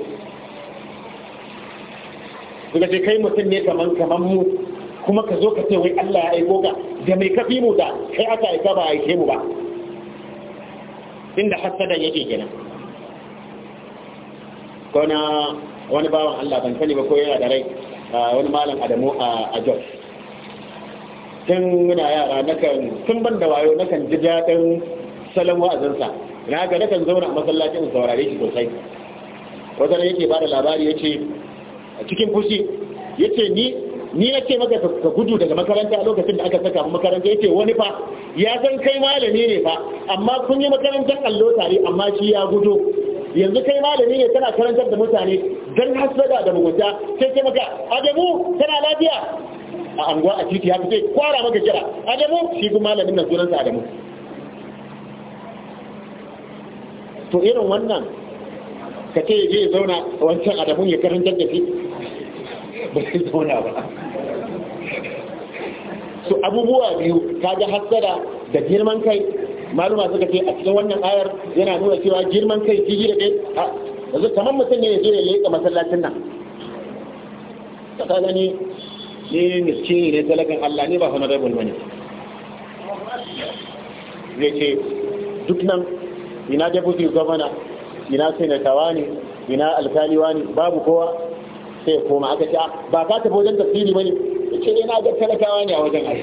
suka ce kai mutum ne kaman kaman mu kuma ka zo ka ce wai Allah ya aiko ka da mai kafi mu da kai aka aika ba aike mu ba inda hasadan yake gina. ko na wani bawan Allah ban sani ba ko yana da rai wani malam Adamu a Jos tun muna yara nakan tun ban da wayo nakan ji daɗin salon wa'azinsa na ga nakan zauna a masallacin in saurare shi sosai wajen da yake bada labari yace a cikin fushi yace ni ni ce maka ka gudu daga makaranta a lokacin da aka saka mu makaranta yace wani fa ya san kai malami ne fa amma kun yi makarantar allo tare amma shi ya gudu yanzu kai malami ne tana karantar da mutane dan hasada da mugunta sai kai maka adamu tana lafiya a anguwa a titi haka sai kwara maka kira adamu shi kuma malamin nan sunansa adamu to irin wannan ka ce ya je ya zauna wancan adamun ya karantar da shi ba zai zauna ba su abubuwa biyu ka ga hassada da girman kai maluma suka ce a cikin wannan ayar yana nuna cewa girman kai jiji da kai yanzu kamar mutum ne ya je ya leƙa masallacin nan ka ni miskini ne talakan Allah ne ba honorable bane zai ce duk nan ina deputy governor ina senatawa wani? ina alkaliwa wani? babu kowa sai koma aka ce ah, ba ka tafi wajen tafsiri bane ce ina eh, ga talakawa ne a wajen ai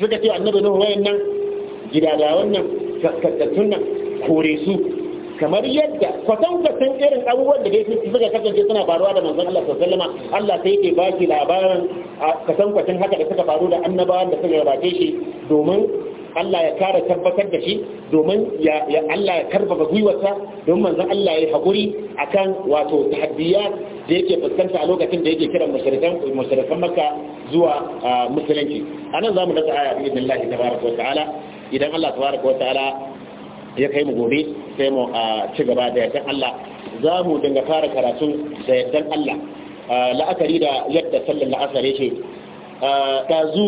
suka ce annabi nuhu wayannan gidadawan nan kaskatattun nan kore su kamar yadda kwatankwatan irin abubuwan da suka kasance suna faruwa da manzon Allah sallama Allah sai ke baki shi labarin kwatankwatan haka da suka faru da annabawan da suka gabace shi domin Allah ya kara tabbatar da shi domin ya Allah ya karfafa gwiwarsa domin manzon Allah ya haƙuri akan wato tahaddiya da yake fuskanta a lokacin da yake kira mushrikan mushrikan Makka zuwa musulunci anan zamu daga aya bi Allah tabaraka wa ta'ala idan Allah tabaraka wa ta'ala ya kai mu gobe sai mu ci gaba da yardan Allah za mu dinga fara karatu da yardan Allah la'akari da yadda sallar la'asar ta zu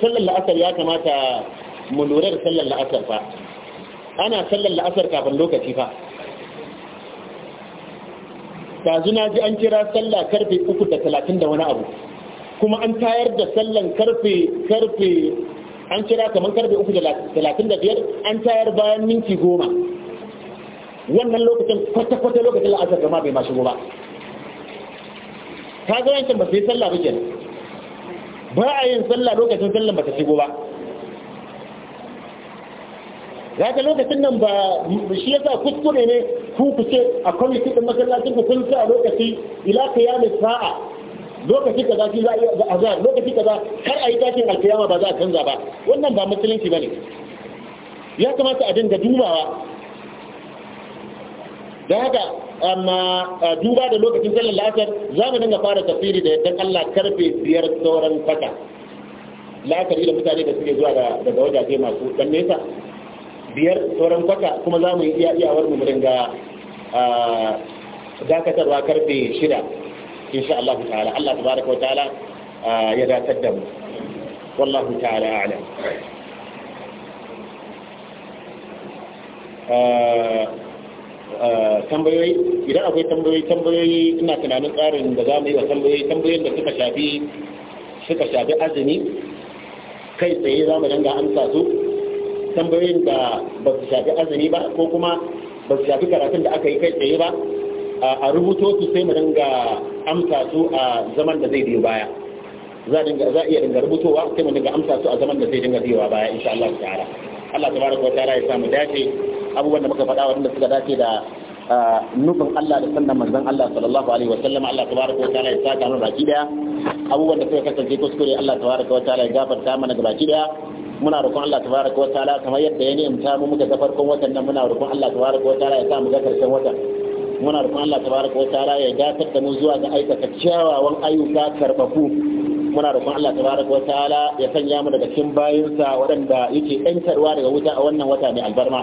sallar la'asar ya kamata mu lura da sallar la'asar fa ana sallar la'asar kafin lokaci fa zu na ji an kira sallar karfe uku da talatin da wani abu kuma an tayar da sallan karfe karfe an kira kamar karfe uku da talatin da biyar an tayar bayan minti goma wannan lokacin kwata-kwata lokacin la'asar gama bai ma shigo ba ka ga yankin ba su yi sallah ba ba a yin sallah lokacin tsallan ba ta shigo ba ta lokacin nan ba shi yasa kuskure ne ku ku ce a kwamitin masarar masallacin ku kun a lokaci ila ka yamin sa'a lokaci kaza shi za a azar lokaci kaza har a yi tashin alkiyama ba za a canza ba wannan ba musulunci bane ya kamata a dinga dubawa da haka amma duba da lokacin sallar lasar za mu dinga fara tafsiri da yadda Allah karfe biyar sauran fata la'asar da mutane da suke zuwa daga wajaje masu dan nesa biyar sauran kwata kuma za mu yi iya iyawar mu dinga dakatarwa karfe shida sha Allah ta'ala Allah tabaraka wa ta'ala uh, ya datar da mu wallahu ta'ala a'lam uh, uh, tambayoyi idan akwai tambayoyi tambayoyi ina tunanin tsarin da za mu yi wa tambayoyi tambayoyin da suka shafi suka shafi azumi kai tsaye za mu danga amsa su tambayoyin da ba su shafi azumi ba ko kuma ba su shafi karatun da aka yi kai tsaye ba a rubuto su sai mu danga amsa su a zaman da zai biyo baya za a iya dinga rubutowa sai mu dinga amsa su a zaman da zai dinga biyowa baya insha Allah ta'ala Allah tabaraka wa ta'ala ya samu dace abubuwan da muka faɗa wanda suka dace da nufin Allah da sannan manzon Allah sallallahu alaihi sallam Allah tabaraka wa ta'ala ya saka mana baki daya abubuwan da suka kasance kuskure Allah tabaraka wa ta'ala ya gafarta mana ga baki daya muna roƙon Allah tabaraka wa ta'ala kamar yadda ya nemta mu muka safar farkon watan nan muna roƙon Allah tabaraka wa ta'ala ya samu ga karshen watan muna roƙon Allah tabaraka wa ta'ala ya dakatar da mu zuwa ga aikata kyawawan ayyuka karbabu muna roƙon Allah tabaraka wa ta'ala ya sanya mu daga cikin bayinsa waɗanda yake ɗan karwa daga wuta a wannan wata mai albarma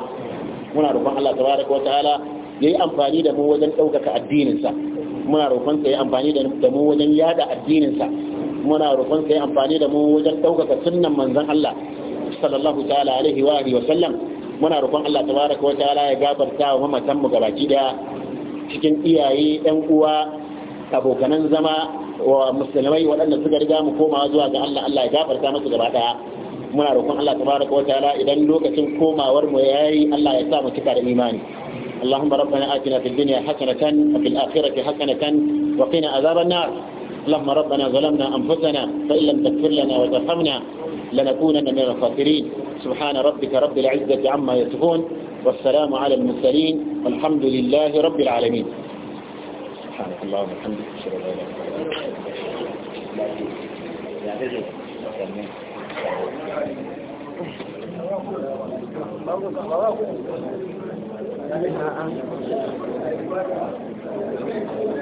muna roƙon Allah tabaraka wa ta'ala yi amfani da mu wajen ɗaukaka addininsa muna roƙon sa yayi amfani da mu wajen yada addininsa muna roƙon sa yayi amfani da mu wajen ɗaukaka sunnan manzon Allah sallallahu ta'ala alaihi wa alihi wa sallam muna roƙon Allah tabaraka wa ta'ala ya gabarta wa mamatan mu gabaki daya cikin iyaye yan uwa abokanan zama wa musulmai waɗanda suka riga mu komawa zuwa ga Allah Allah ya gafarta musu gaba ɗaya muna roƙon Allah tabaraka wa ta'ala idan lokacin komawar mu yayi Allah ya sa mu cika da imani اللهم ربنا آتنا في الدنيا حسنة وفي الآخرة حسنة وقنا عذاب النار اللهم ربنا ظلمنا أنفسنا فإن لم تغفر لنا وترحمنا لنكونن من الخاسرين سبحان ربك رب العزة عما يصفون والسلام على المرسلين والحمد لله رب العالمين سبحانك اللهم وبحمدك اشهد ان لا اله الا